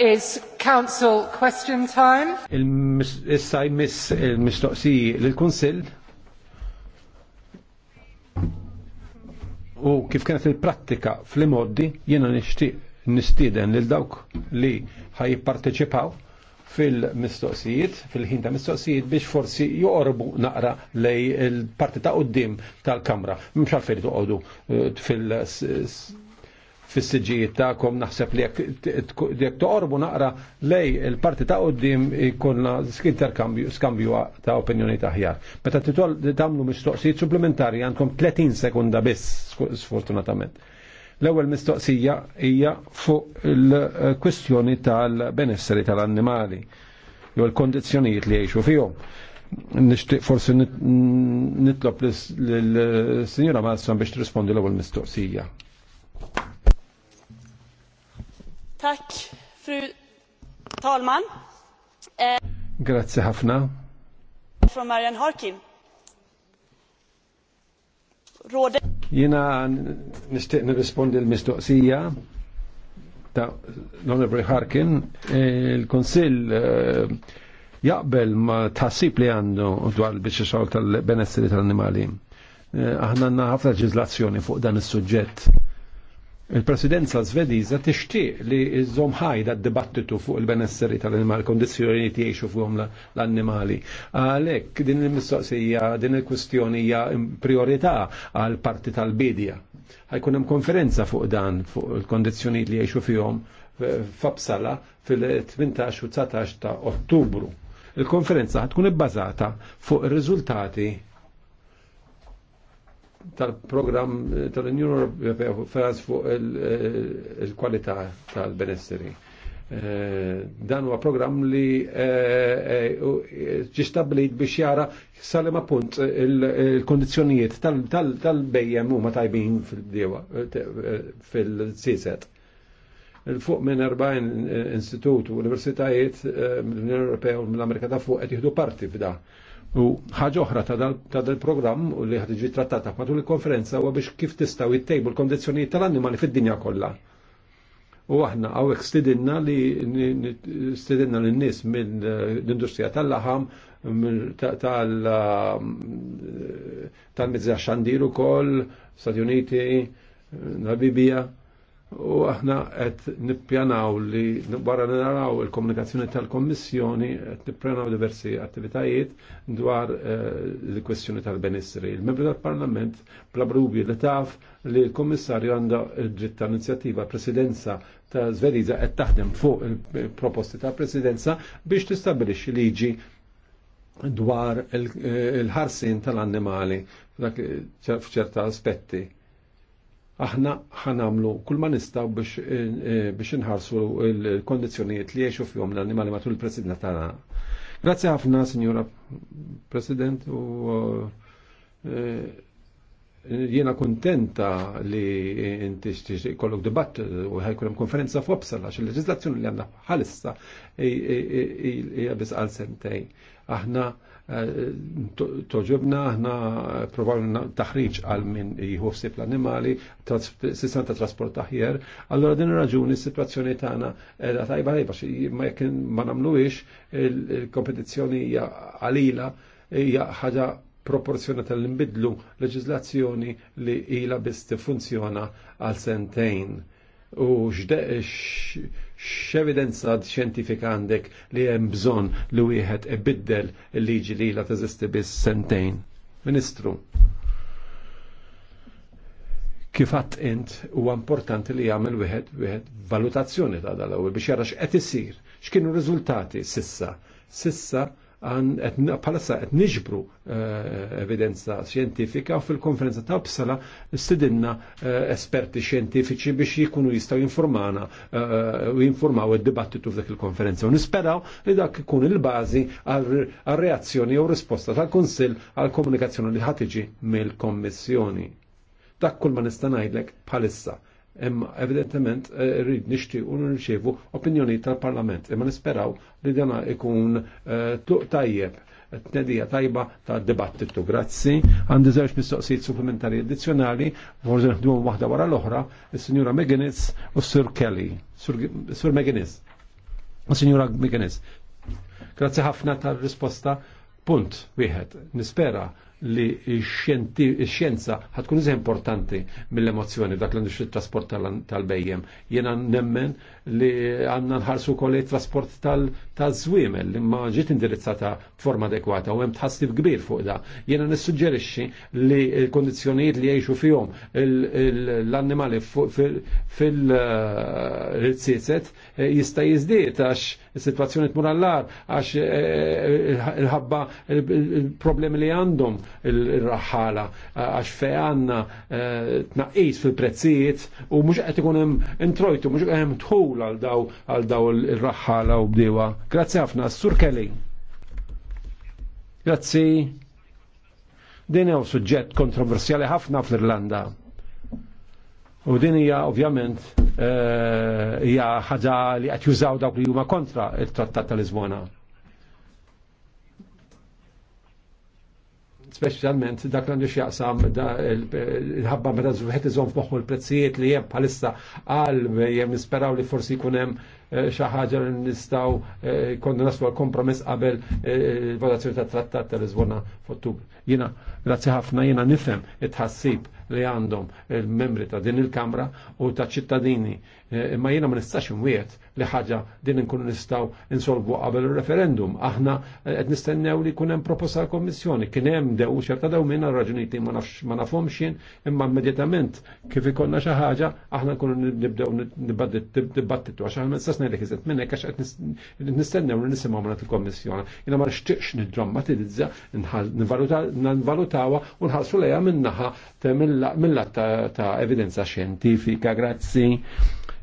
is council question time. Issa jmiss il-mistoqsi l-Kunsill. U kif kienet il-prattika fl-imoddi jiena nixtieq nistieden lil dawk li ħajjipparteċipaw fil-mistoqsijiet, fil-ħin ta' mistoqsijiet biex forsi joqorbu naqra lej il-parti ta' qoddim tal-kamra. Mhux għalfejn toqgħodu eh, fil- fis-siġijiet tagħkom naħseb li jekk toqorbu naqra lej il-parti ta' qudiem jkollna skambju ta' opinjoni taħjar. Meta titol tagħmlu mistoqsijiet supplementari għandkom 30 sekunda biss sfortunatament. L-ewwel mistoqsija hija fuq il-kwistjoni tal-benesseri tal-annimali jew il-kondizzjonijiet li jgħixu fihom nishtiq forsi nitlob l-Sinjora Malsan biex trispondi l-ewwel mistoqsija fru talman. Eh, Grazie ħafna. From Marian Harkin. Jina nistiq nirrispondi l-mistoqsija ta' l-Honorable Harkin. Il-Konsil eh, eh, jaqbel ma tħassib li għandu dwar biex xogħol tal-benessri tal-animali. Aħna għandna ħafna ġizlazzjoni fuq dan is-suġġett Il-presidenza svediża tixtieq li żżomm ħajda d-dibattitu fuq il-benesseri tal-animali, kondizzjoni jgħixu fuqhom l-annimali. Għalhekk din il-mistoqsija, din il-kwistjoni hija priorità għal parti tal-bidja. Ħajkun hemm konferenza fuq dan fuq il-kondizzjonijiet li jgħixu fihom eh, f'Absala fil-18 u 19 ta' Ottubru. Il-konferenza tkun ibbażata fuq ir-riżultati tal-programm eh, tal-Unjoni Ewropea Franz fuq eh, il-kwalità tal-benesseri. Eh, dan huwa programm li ġistablit biex jara salema punt il-kondizjonijiet tal-bejjem huma tajbin fil cz fil fuq minn 40 institut u universitajiet mill-Unjoni Ewropea u mill-Amerika ta' fuq qed jieħdu parti f'da. U ħaġa oħra ta' dal-programm u li iġi trattata matul il-konferenza huwa biex kif tistgħu jittejbu l-kondizzjonijiet tal-annimali fid-dinja kollha. U aħna hawnhekk stidinna li stidinna lin nies mill-industrija eh, tal-laħam eh, tal-mizza xandir ukoll, Stati Uniti, eh, Nabibija. U aħna qed nippjanaw li wara naraw il-komunikazzjoni tal-Kommissjoni qed nippjanaw diversi attivitajiet dwar eh, il-kwestjoni tal-benessri. Il-membri tal-Parlament bla brubi li taf li l-Kommissarju għandha dritta ta' inizjattiva Presidenza ta' Zveriza qed taħdem fuq il-proposti ta' Presidenza biex tistabilixxi liġi dwar il-ħarsin tal-annimali f'ċerta aspetti aħna ħanamlu kull ma nistaw biex, eh, eh, biex nħarsu l-kondizjonijiet li jiexu fjom l-animali matul il-President tagħna. Grazzi ħafna, Signora President, u eh, Jiena kontenta li inti kollok debatt u ħajkun hemm konferenza f'Opsala għax il-leġiżlazzjoni li għandna bħalissa hija biss għal sentejn. Aħna eh, toġobna aħna provawna taħriġ għal min jħossib l-animali, sistan ta' trasport taħjer, allora din raġuni s-situazzjoni tagħna qiegħda tajba ma jekk ma nagħmluhiex il-kompetizzjoni hija qalila hija ħaġa proporzjona tal-imbidlu leġizlazzjoni li ila biss tiffunzjona għal sentejn. U x'evidenza xjentifika għandek li hemm bżonn li wieħed ibiddel il-liġi li ila teżisti biss sentejn. Ministru, kifat int huwa importanti li jagħmel wieħed wieħed valutazzjoni ta' dal-ewwel biex jara x'qed isir, x'kienu riżultati sissa. Sissa palassa qed niġbru eh, evidenza xjentifika u fil-konferenza ta' Uppsala sidinna eh, esperti xjentifiċi biex jikunu jistgħu informana eh, u jinformaw id-dibattitu f'dak il-konferenza u nisperaw li dak ikun il-bażi għal reazzjoni u risposta tal-Kunsill għal komunikazzjoni li ħatiġi mill-Kommissjoni. Dak kull ma nista' ngħidlek bħalissa. Imma evidentement eh, rrid nixtiequ u nirċievu opinjoni tal-Parlament. Imma nisperaw li dana ikun eh, tuq tajjeb t-nedija tajba ta' dibattitu. Grazzi. Għandi zewġ mistoqsijiet supplementari addizzjonali, forse nħdmu waħda wara l-oħra, il signora Meganis u Sir Kelly. Sir Meganis. Signora Meganis. Grazzi ħafna tal-risposta. Punt, wieħed. Nispera li x-xjenza ħatkun iż importanti mill-emozjoni dak l-industri trasport tal-bejjem. Jena nemmen li għanna nħarsu kolli trasport tal-zwimel li ma ġiet indirizzata forma adekwata u hemm tħassib kbir fuq da. Jena nissuġġerixxi li l-kondizzjonijiet li jgħixu fihom l-annimali fil-rizziset eh, eh, jista' jiżdied għax situazzjoni tmur għall għax eh, il-ħabba il-problemi li għandhom il-raħħala għax fej għanna eh, tnaqqis fil-prezzijiet u mhux qed ikun hemm introjtu, mhux hemm tħul għal daw għal daw il-raħħala u bdiwa. Grazzi ħafna, Sur Kelly. Grazzi. Din hemm suġġett kontroversjali ħafna fl-Irlanda. U din hija ovvjament eh, hija ħaġa li qed jużaw dawk li huma kontra il-Trattat ta' Lisbona specialment dak għandu xjaqsam il-ħabba meta zuħet iżom f'moħħu l-prezzijiet li jem bħalissa għal jem nisperaw li forsi kunem eh, xaħġa li nistaw eh, kondu naslu għal-kompromess għabel eh, il-votazzjoni ta' trattat tal-Lisbona f'Ottubru. Jena, grazzi ħafna, jena nifhem it-ħassib li għandhom il-membri ta' din il-Kamra u ta' ċittadini. Eh, imma jiena ma nistax imwiet li ħaġa din nkunu nistgħu insolvu qabel il-referendum. Aħna eh, qed nistennew li jkun hemm proposta l kommissjoni kien hemm dew ċerta dew minna raġuniti ma ma nafhomx jien imma immedjatament kif ikollna xi ħaġa aħna nkunu nibdew nibbattitu għax aħna nistax ngħidlek iżet minnek għax qed nistennew li nisimgħu minn il-Kommissjoni. Jiena ma nixtieqx nħal nvalutawha u nħarsu lejha minnaħa temmil mill ta' evidenza xjentifika, grazzi.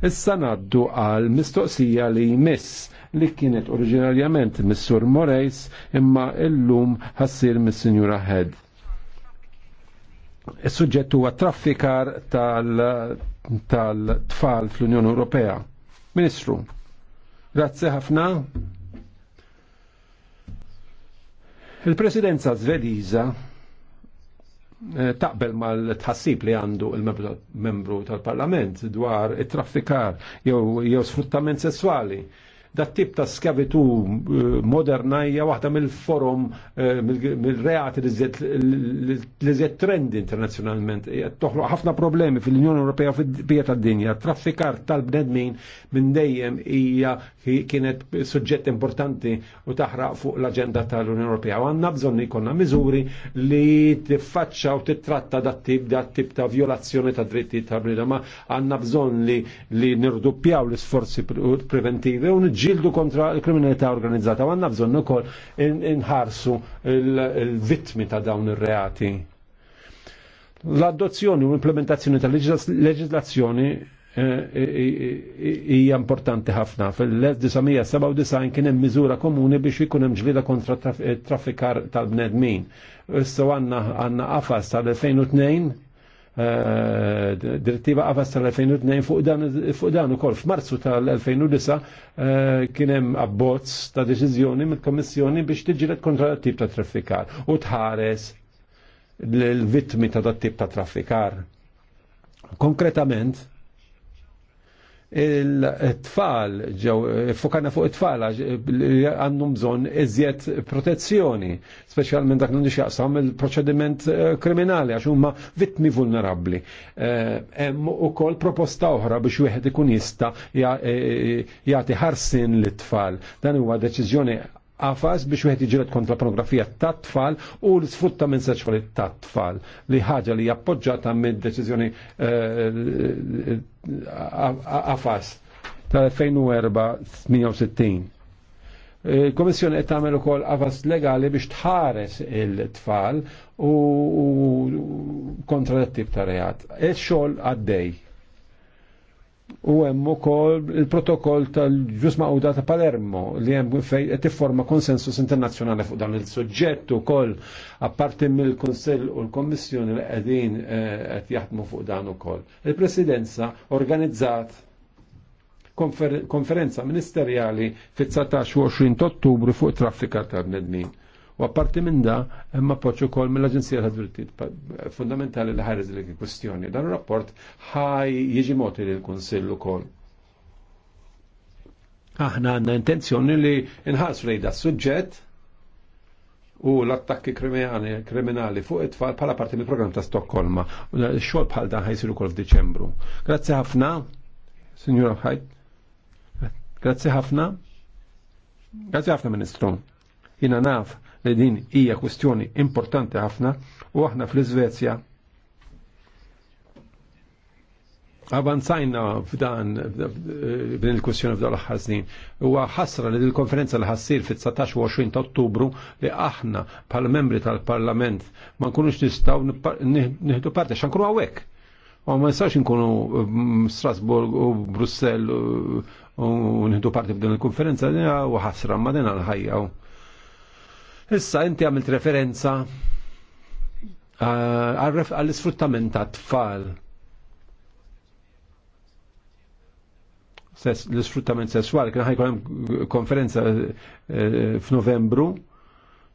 Issa naddu għal mistoqsija li jmiss li kienet oriġinarjament Missur Morejs imma illum ħassir mis-Sinjura Head. Is-suġġett huwa traffikar tal-tfal fl-Unjoni Ewropea. Ministru, grazzi ħafna. Il-Presidenza Zvediża Eh, taqbel mal-tħassib li għandu il-membru tal-parlament dwar it-traffikar jew sfruttament sessuali Dat tip ta' skavitu eh, moderna hija waħda mill-forum eh, mill-reati li żed trend internazzjonalment. toħlu ħafna problemi fil-Unjoni Ewropea fid-bija tad-dinja. Traffikar tal-bnedmin minn dejjem hija kienet suġġett importanti u taħraq fuq l-aġenda tal-Unjoni Ewropea. Għandna bżonn jkollna miżuri li tiffaċċa u titratta dat-tip dat-tip ta' violazzjoni ta' dritti tal brida, ma għandna bżonn li nirduppjaw l-isforzi preventivi u Ġildu kontra l-kriminalità organizzata, għanna għandna bżonn ukoll inħarsu il-vittmi ta' dawn ir-reati. L-adozzjoni u l-implementazzjoni ta' leġislazzjoni eh, hija importanti ħafna. Fil-1997 kien hemm miżura komuni biex ikun hemm ġlida kontra traffikar tal-bnedmin. Issa għandna għandna qafas tal-2002 Eh, direttiva għavas tal-2002 fuq dan ukoll. F'Marzu tal-2009 eh, kienem abbozz ta' deċiżjoni mill-Kommissjoni biex tiġilet kontra l-tip ta' traffikar u tħares l-vittmi ta' tip ta' traffikar. Konkretament, il-tfal, ġew fukana fuq it-tfal għandhom bżonn iżjed protezzjoni, speċjalment dak li xaqsam il-proċediment eh, kriminali għax huma vittmi vulnerabbli. Eh, hemm ukoll proposta oħra biex wieħed ikun jista' eh, jagħti ħarsin lit-tfal. Dan huwa deċiżjoni għafas biex wieħed jiġilet kontra pornografija ta' tfal u l sfutta minn seċfali ta' tfal li ħaġa li jappoġġata minn deċiżjoni eh, eh, għafas tal-2004-68. Eh, Il-Komissjoni qed tagħmel ukoll għafas legali biex tħares il-tfal u kontra tip ta' reat. Il-xogħol għaddej u hemm ukoll il-protokoll tal-ġus maqda ta' Palermo li hemm qed tifforma konsensus internazzjonali fuq dan il-suġġett ukoll apparti mill-Kunsill u l-Kommissjoni li qegħdin eh, qed jaħdmu fuq dan ukoll. Il-Presidenza organizzat konferenza ministerjali fit-19 u 20 Ottubru fuq traffika tal nedmin U apparti minn da, hemm appoġġ ukoll mill-Aġenzija ta' Drittijiet Fundamentali li ħares dik il-kwestjoni. Dan ir-rapport ħaj jiġi moti lill kunsill ukoll. Aħna għandna intenzjoni li nħarsu rejda da suġġett u l-attakki kriminali fuq it-tfal bħala parti mill-programm ta' Stokkolma. Xogħol bħal dan ħajsir ukoll f'Diċembru. Grazzi ħafna, Signora Ħajt. Grazzi ħafna. Grazzi ħafna, Ministru. Jina naf li din hija kwestjoni importanti ħafna u aħna fl-Iżvezja avanzajna f'dan b'din il-kwestjoni f'dan l-aħħar snin. Huwa ħasra li l-konferenza li ħassir fit-19 u 20 ta' Ottubru li aħna bħal membri tal-Parlament ma nkunux nistgħu nieħdu parti x'an hawnhekk. U ma nistax nkunu mm, Strasburg u Brussell u nieħdu parti b'din il-konferenza u ħasra ma din għal-ħajja. Issa inti għamilt referenza għall-isfruttament ta' tfal. L-isfruttament sessuali, kien ħajkun konferenza eh, eh, f'Novembru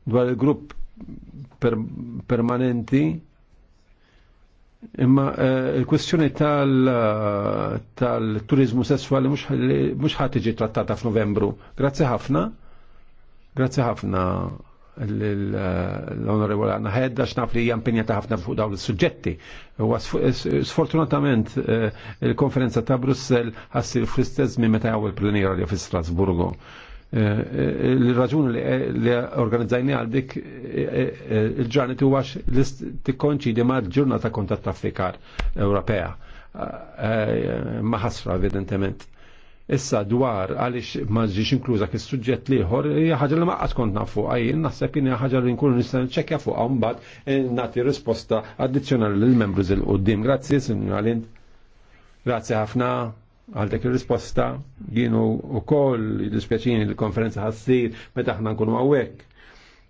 dwar il-grupp permanenti imma eh, il-kwestjoni tal-turizmu sessuali mhux ħatiġi trattata f'Novembru. Grazzi ħafna. Grazzi ħafna l-onorevole Anna Hedda xnaf li jampinja ta' ħafna fuq dawn il-sujġetti. U Sfortunatament eh, il-konferenza ta' Brussel ħassir fl-istess minn meta għaw il-plenira li fi Strasburgo. Eh, eh, il raġuni li organizzajni għaldik il ġarnet u għax tikkonċidi ma' ġurnata kontat ta' Afrikar Ewropea. Maħasra, evidentement. Issa dwar għaliex ma inkluza inkluża kis suġġett liħor, jħagġa li ma qatt kont nafu fuq għajin, naħseb kien ħaġa li nkunu nista' nċekkja fuq għom mbagħad eh, nagħti risposta addizzjonali lill membru zil qoddim Grazzi, sinjur għalind. Grazzi ħafna għal dak il risposta Jienu wkoll dispjaċini l-konferenza ħassir meta aħna nkunu għawek.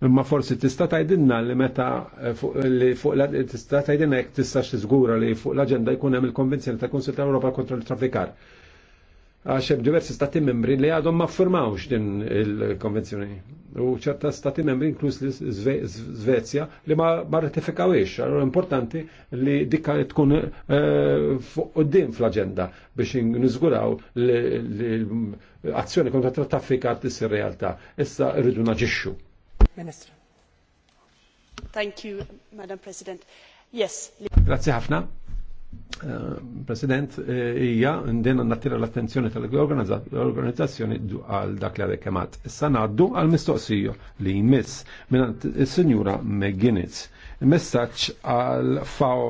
Imma forsi tista' tgħidilna li meta eh, li fuq tista' tajdinna jek tista' xizgura li fuq l-aġenda jkun hemm il-Konvenzjoni ta' Kunsil ta' Europa kontra l-Traffikar għax hemm diversi stati membri li għadhom ma ffirmawx din il-konvenzjoni. U ċerta stati membri inkluż li Svezja li ma, ma ratifikawiex. Allora importanti li dikka tkun eh, fuq fl agenda biex li l-azzjoni kontra traffikat tissir realtà. Issa rridu naġixxu. Ministru. Thank you, Madam President. Yes. Grazie ħafna. President, eh, ija ndena nattira l-attenzjoni tal-organizzazzjoni għal dak li għadek kemat. Sanaddu għal mistoqsijo li jmiss minn il senjura McGuinness. Messaċ għal FAO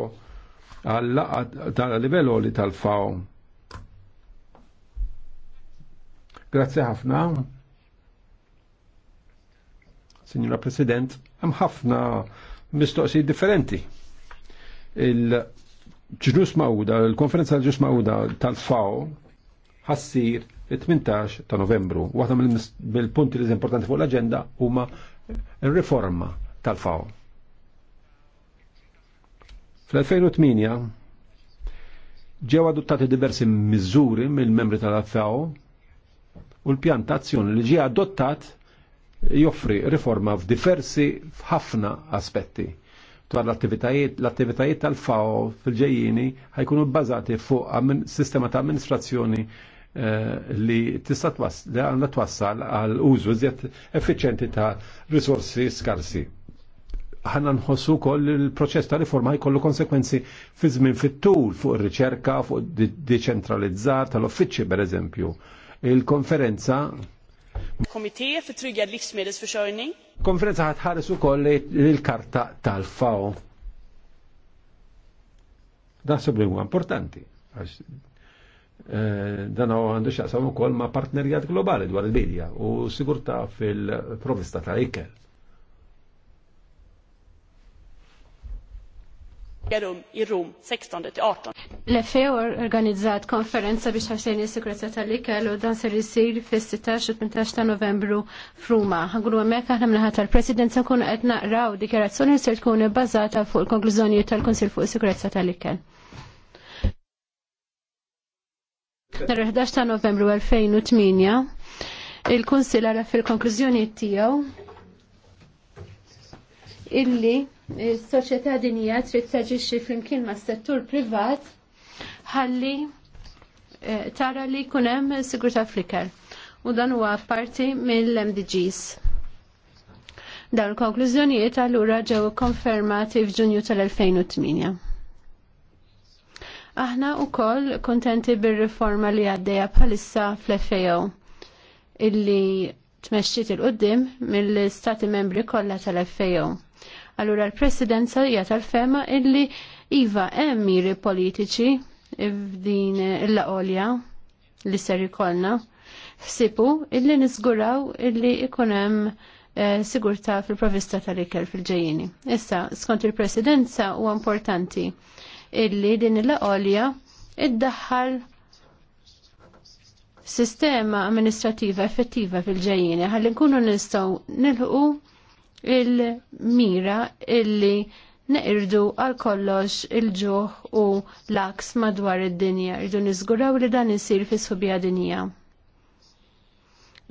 għal tal-livello li tal-FAO. Grazie ħafna. Signora President, hemm ħafna mistoqsijiet differenti ġnus mawda, l-konferenza ġnus mawda tal-FAO ħassir il-18 ta' novembru. Waħda mill-punti li importanti fuq l-agenda huma il-riforma tal-FAO. Fl-2008 ġew adottati diversi miżuri mill-membri tal-FAO u l-pjan ta' azzjoni li ġie adottat joffri riforma f'diversi f'ħafna aspetti dwar l-attivitajiet, l-attivitajiet tal-FAO fil-ġejjini ħajkunu bbażati fuq sistema ta' amministrazzjoni eh, li tista' għandha twassal għal użu iżjed effiċenti ta' risorsi skarsi. Ħanna nħossu koll il-proċess ta' riforma jkollu konsekwenzi fi żmien fit-tul fuq ir-riċerka, fuq deċentralizzar tal-uffiċċji pereżempju. Il-konferenza Komité för tryggad livsmedelsförsörjning konferenza ħatħares ukoll l karta tal-FAO. Eh, dan sebri u importanti. Dan għandu u ukoll ma' partnerjat globali dwar il-bidja u sigurta fil-provista tal-ikel. rum ir 16-18. L-FEO organizzat konferenza biex ħarsejni s-sikurezza tal-ikel u dan ser jisir fis-16 u 18 ta' Novembru f'Ruma. Ħankunu hemmhekk aħna minħat tal-President se nkunu qed naqraw dikjerazzjoni li ser tkun bbażata fuq il-konklużjonijiet tal-Kunsil fuq is-sikurezza tal-ikel. Nar-11 ta' Novembru 2008 il-Kunsil għara fil-konklużjonijiet tiegħu illi s-soċjetà dinija trid taġixxi flimkien ma' settur privat ħalli eh, tara li jkun hemm sigurtà fliker. U dan huwa parti mill-MDGs. Dawn il-konklużjonijiet allura ġew konfermati f'Ġunju tal-2008. Aħna wkoll kuntenti bir-riforma li għaddejja bħalissa fl-FAO illi tmexxiet il-qoddim mill istati membri kollha tal-FAO. Allura l-presidenza hija tal-fema illi iva hemm miri politiċi f'din l-olja li ser ikolna. Sipu illi niżguraw illi ikun hemm eh, sigurtà fil-provista tal-ikel fil-ġejjini. Issa, skont il-presidenza huwa importanti illi din l-olja iddaħħal sistema amministrativa effettiva fil-ġejjini ħalli nkunu nistgħu nilħu il-mira illi neqirdu għal kollox il-ġuħ u l-aks madwar id-dinja. Irdu niżguraw li dan isir fis subja dinja.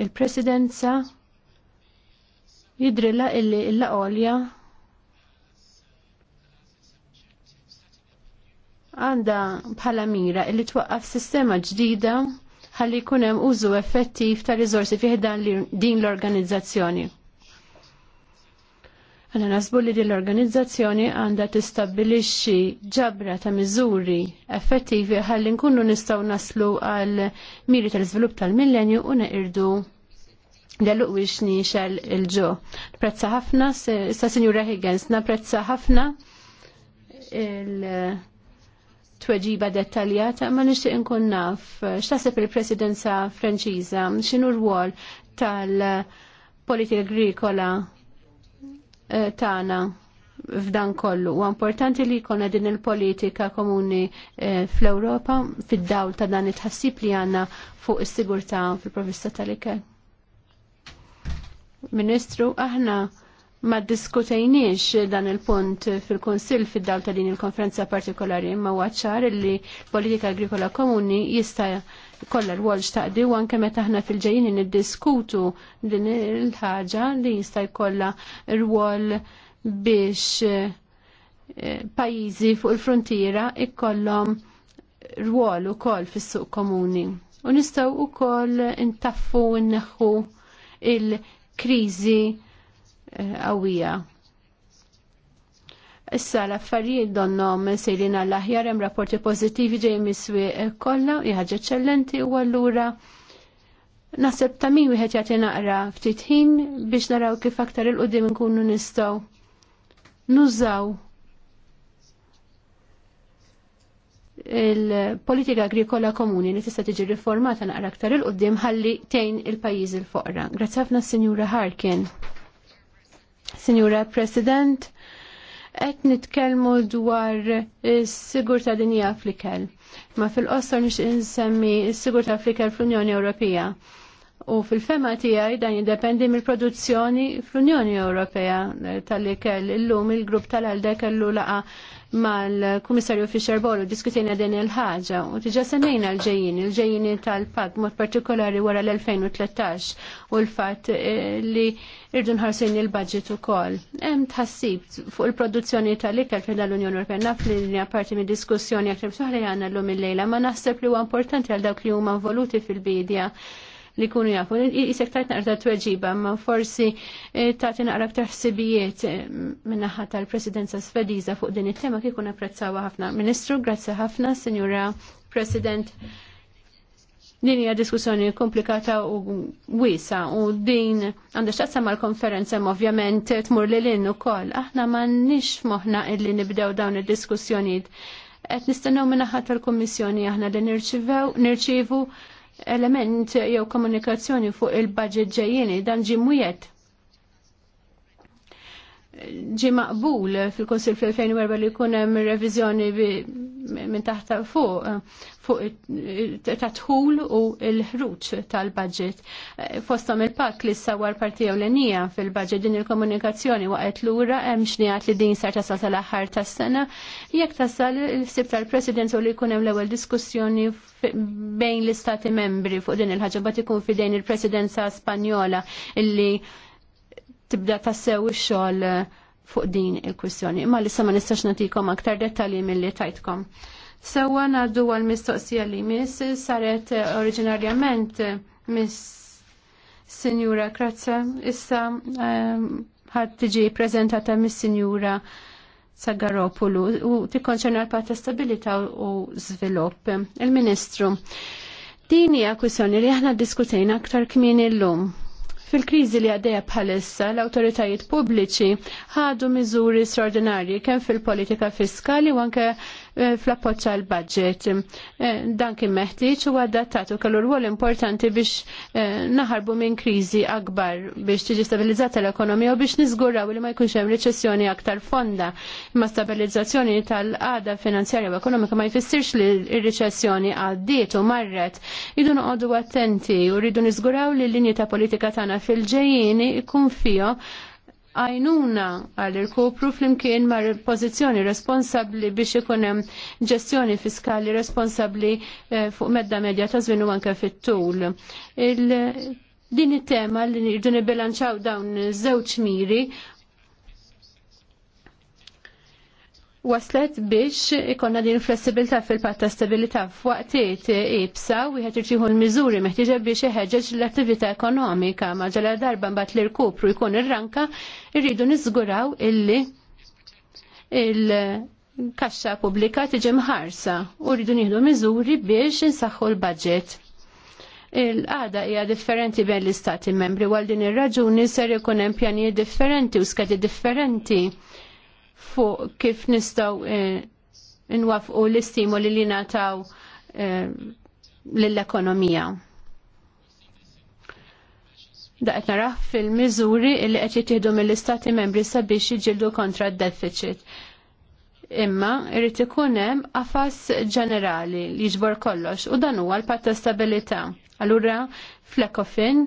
Il-presidenza jidrilla illi l-laqolja għanda bħala mira illi twaqqaf sistema ġdida ħalli jkun hemm użu effettiv ta' riżorsi fih din l-organizzazzjoni. Għanna nasbu li din l-organizzazzjoni għandha tistabbilixxi ġabra ta' miżuri effettivi ħalli nkunu nistgħu naslu għal miri tal-iżvilupp tal-millenju u neqirdu u wix nixel il-ġo. Prezza ħafna, sa' Sinjura Higgins, naprezza ħafna il-tweġiba dettaljata, ma nixtieq inkun naf, x'taħseb il-presidenza Franċiża, x'inhu rwol tal-politika agrikola Eh, Tana f'dan kollu. U importanti li jkollna din il-politika komuni eh, fl-Ewropa fid-dawl ta' dan it-ħassib li għandna fuq is-sigurtà fil-provista tal-ikel. Ministru, aħna ma diskutejniex dan il-punt fil-Konsil fid-dawl ta' din il-konferenza partikolari imma waċċar li politika agrikola komuni jista' kollha rwol xtaqdi u anke meta ħna fil-ġejjin niddiskutu din il-ħaġa li jista' jkollha rwol biex eh, pajjiżi fuq il-frontiera ikollhom rwol ukoll fis-suq komuni. U nistgħu wkoll intaffu u nneħħu il-kriżi eh, qawwija. Issa l-affarijiet donnom sejrin għall-aħjar hemm rapporti pożittivi ġej miswi kollha ħaġa eċċellenti u allura naħseb ta' min wieħed jagħti naqra ftit ħin biex naraw kif aktar il-qudiem nkunu nistgħu nużaw il-politika agrikola komuni li tista' tiġi riformata naqra aktar il qudiem ħalli tejn il-pajjiż il-foqra. Grazzi ħafna Sinjura Harkin. Sinjura President, qed nitkellmu dwar is-sigurtà dinja fl-ikel. Ma fil-qosor nix insemmi s-sigurtà fl-ikel fl-Unjoni Ewropea. U fil-fema tiegħi dan jiddependi mill-produzzjoni fl-Unjoni Ewropea tal-ikel illum il-grupp tal-għalde kellu laqa' mal-Kummissarju Fischer Bolu diskutejna din il-ħaġa u tiġa semmejna l-ġejjin, l ġejjin tal-pak mod partikolari wara l-2013 u l-fatt eh, li irdu nħarsin il-budget ukoll. Hemm tħassib fuq il-produzzjoni tal-ikel fejn l-Unjoni Ewropea naf li linja parti minn diskussjoni aktar soħra għandna llum il-lejla ma naħseb li huwa importanti għal dawk li huma involuti fil-bidja li kunu jafu. Isek tajt naqra tweġiba, ma forsi eh, tajt naqra ktar eh, minnaħa tal-presidenza svediza fuq din it-tema kikun apprezzawa ħafna. Ministru, grazzi ħafna, Signora President. Din hija diskussjoni komplikata u wisa u din għandha x'taqsam mal-konferenza ovvjament tmur lil lin ukoll. Aħna m'għandniex moħħna illi nibdew dawn id-diskussjonijiet qed nistennew minaħat tal-Kummissjoni aħna li nirċivew nirċivu element jew komunikazzjoni fuq il-budget ġejjeni dan ġi mwiet ġi maqbul fil-Konsil fl-2004 li jkun hemm reviżjoni minn taħt fuq fuq tadħul u l-ħruġ tal-budget. Fostom il-pak li s-sawar partija l-enija fil-budget din il-komunikazzjoni waqgħet lura hemm xnijat li din sar tasal tal-aħħar tas-sena jekk tasal il-sib tal-President u li jkun hemm l-ewwel diskussjoni bejn l-istati membri fuq din il-ħagġa bat ikun fidejn il-presidenza spanjola illi tibda tassew ix-xogħol eh, fuq din il-kwistjoni. Imma lissa ma nistax nagħtikom aktar dettalji milli tajtkom. Sewwa ngħaddu għal mistoqsija li miss saret eh, oriġinarjament eh, miss Sinjura Krazza issa ħad tiġi prezentata mis-Sinjura Sagaropulu u tikkonċerna l-pat stabilita u żvilupp. Il-Ministru, din hija kwissjoni li aħna diskutejna aktar l illum. Fil-kriżi li għaddejja bħalissa, l-awtoritajiet pubbliċi ħadu miżuri straordinarji kemm fil-politika fiskali u anke Eh, fl-appoċċa l-budget. Eh, dan kien meħtieġ u adattatu kellu rwol importanti biex eh, naħarbu minn kriżi akbar biex tiġi stabilizzata l-ekonomija u biex niżguraw li ma jkunx hemm riċessjoni aktar fonda. Imma stabilizzazzjoni tal-qada finanzjarja u ekonomika ma jfissirx li r-riċessjoni għaddiet u marret. Idu noqogħdu attenti u rridu niżguraw li l-linji ta' politika tagħna fil-ġejjini jkun fihom għajnuna għal il-kopru flimkien ma' pozizjoni responsabli biex ikunem ġestjoni fiskali responsabli eh, fuq medda medja ta' żmien anke fit-tul. Din it-tema li rridu nibilanċaw dawn żewġ miri waslet biex ikonna din flessibilità fil-patta stabilità f'waqtiet ibsa u jħed irċiħu l-miżuri meħtieġa biex iħeġġeġ l-attività ekonomika ma ġala darba mbagħad li rkupru jkun ir-ranka irridu niżguraw illi il-kaxxa pubblika tiġi mħarsa u rridu nieħdu miżuri biex insaħħu l-budget. Il-qada hija differenti bejn l-istati membri għal din ir-raġuni ser ikun hemm pjanijiet differenti u skedi differenti fuq kif nistaw eh, nwafqu l istimu li nataw eh, l-ekonomija. Daqet naraħ fil-miżuri li qed jittieħdu mill-istati membri sabiex jiġildu kontra d-deficit. Imma irrid ikun hemm qafas ġenerali li jiġbor kollox u dan huwa l-patt ta' stabilità. Allura fl-ekofin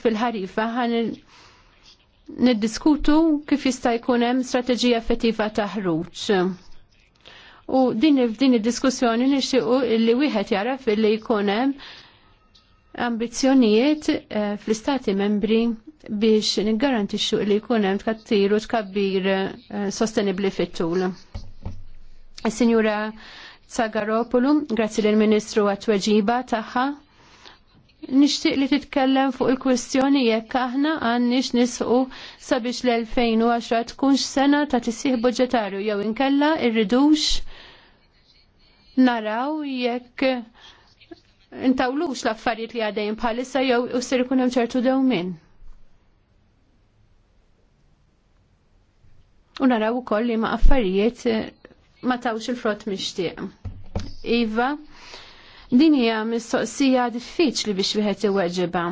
fil-ħarifa ħan niddiskutu kif jista' jkun hemm strateġija effettiva ta' ħruġ. U din f'din id-diskussjoni nixtiequ li wieħed jaraf li jkun hemm ambizzjonijiet eh, fl-istati membri biex niggarantixxu li jkun hemm tkattiru tkabbir eh, sostenibbli fit-tul. Signora Zagaropulu, grazzi lill ministru għat-tweġiba tagħha nixtieq li titkellem fuq il-kwestjoni jekk aħna għandniex nisqu sabiex l-2010 tkunx sena ta' tisih budġetarju jew inkella irridux naraw jekk intawlux l-affarijiet li għadejn bħalissa jew usser ikun hemm ċertu dewmien. U naraw ukoll li ma' affarijiet ma tawx il-frott mixtieq. Iva, Din hija mistoqsija diffiċli biex wieħed iweġiba.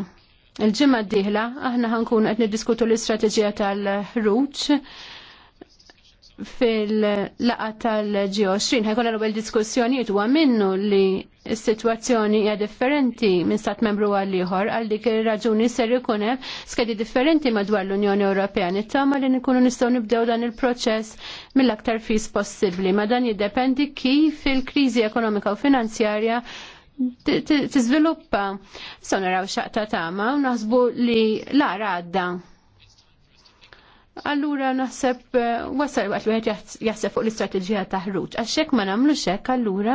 Il-ġimgħa d-dieħla aħna ħankun qed niddiskutu l-istrateġija tal-ħruġ fil-laqa tal-G20 ħajkolla l-ewwel diskussjonijiet huwa minnu li s-sitwazzjoni hija differenti minn stat membru għal ieħor għal dik ir-raġuni ser ikun hemm skedi differenti madwar l-Unjoni Ewropea nittama li nkunu nistgħu nibdew dan il-proċess mill-aktar fis possibbli. Ma dan jiddependi kif il-kriżi ekonomika u finanzjarja tiżviluppa. naraw xaqta tama u naħsbu li la għadda allura naħseb eh, wasal waqt li jaħseb fuq l-istrateġija ta' ħruġ. Għax hekk ma nagħmlux hekk allura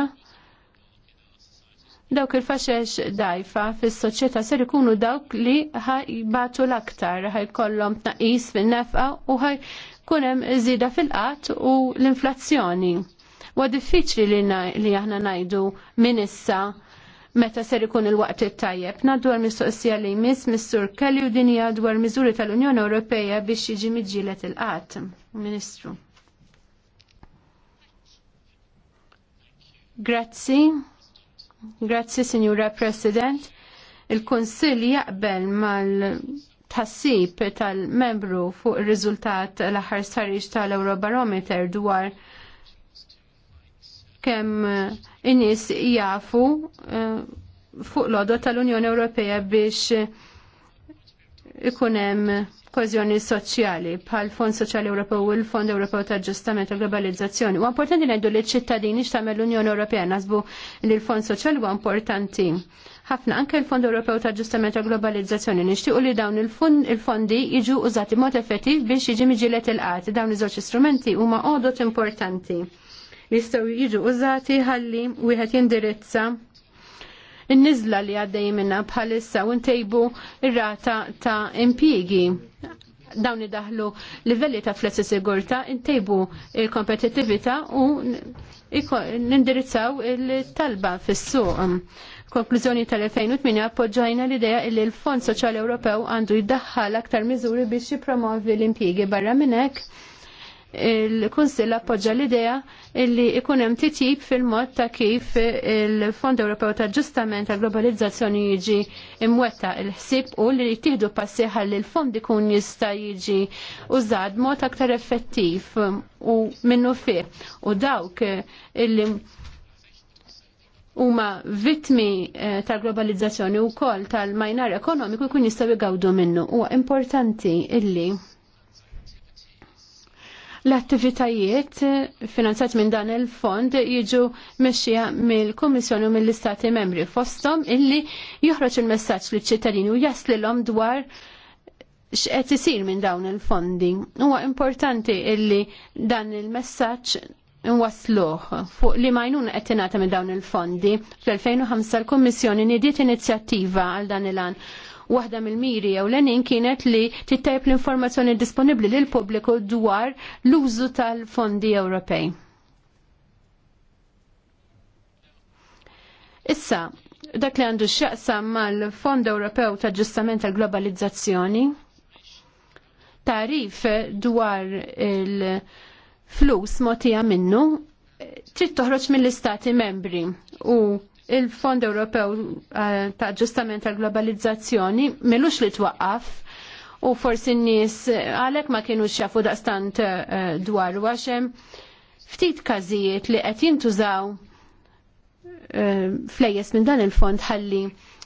dawk il-faxex dajfa fis-soċjetà ser ikunu dawk li ħajbatu l-aktar, ħajkollhom tnaqis fin-nefqa u ħajkun hemm iżida fil-qatt u l-inflazzjoni. Wa diffiċli li aħna ngħidu minn issa meta ser ikun il-waqt it-tajjeb. Nadwar mistoqsija li jmiss Mr. Kelly u dinja dwar miżuri tal-Unjoni Ewropea biex jiġi miġġielet il-qatt. Ministru. Grazzi. Grazzi, Signora President. Il-Konsil jaqbel mal tassib tal-membru fuq ir-riżultat l-aħħar sarriġ tal-Eurobarometer dwar kemm eh, in-nies jafu eh, fuq l tal-Unjoni Ewropea biex ikun hemm kożjoni soċjali bħal Fond Soċjali Ewropew u l-Fond Ewropew ta' Ġustament u Globalizzazzjoni. U importanti ngħidu li ċ-ċittadini x'tagħmel l-Unjoni Ewropea nasbu li l-Fond Soċjali huwa importanti. Ħafna anke l-Fond Ewropew ta' Ġustament u Globalizzazzjoni nixtiequ li dawn il-fondi jiġu użati mod effettiv biex jiġi miġilet il-qat. Dawn iż-żewġ istrumenti huma għodot importanti li jistgħu jiġu użati ħalli wieħed jindirizza in-niżla li għaddej minna bħalissa u ntejbu ir-rata ta' impjiegi dawn idaħlu livelli ta' flessi sigurta, intejbu il-kompetitivita u nindirizzaw il-talba fis-suq. Konklużjoni tal-2008 appoġġajna l-idea li l-Fond Soċjali Ewropew għandu jiddaħħal aktar miżuri biex jipromovi l-impjiegi barra minn hekk il-Kunsill appoġġa l-idea illi ikun hemm titjib fil-mod ta' kif il-Fond Ewropew ta' Ġustament tal Globalizzazzjoni jiġi imwetta il-ħsieb u li jittieħdu passiħa li l-fond ikun jista' jiġi użad mod aktar effettiv u minnu fih u dawk illi huma vittmi eh, tal-globalizzazzjoni u kol tal-majnar ekonomiku jkun jistgħu jgawdu minnu. Huwa importanti illi L-attivitajiet finanzat minn dan il-fond jiġu mexxija mill-Kummissjoni u mill-Istati membri fostom illi joħroġ il-messaġġ liċ ċittadini u jaslilhom dwar x'qed isir minn dawn il-fondi. Huwa importanti illi dan il-messaġġ nwasluh fuq li jnun qed tingħata minn dawn il-fondi. Fl-2005 il kummissjoni nidiet inizjattiva għal dan il-an Waħda mill-miri jew lenin kienet li tittajb l-informazzjoni disponibbli lil pubbliku dwar l-użu tal-fondi Ewropej. Issa, dak li għandu x'jaqsam mal-Fond Ewropew ta' ġustament tal-globalizzazzjoni, tarif dwar il-flus motija minnu trid toħroġ mill-istati membri u il-Fond Ewropew eh, ta' ġustament tal-globalizzazzjoni melux li twaqqaf u forsi n-nies eh, għalhekk ma kienu jafu daqstant eh, dwar għax għaxem ftit każijiet li qed jintużaw flejjes minn dan il-fond ħalli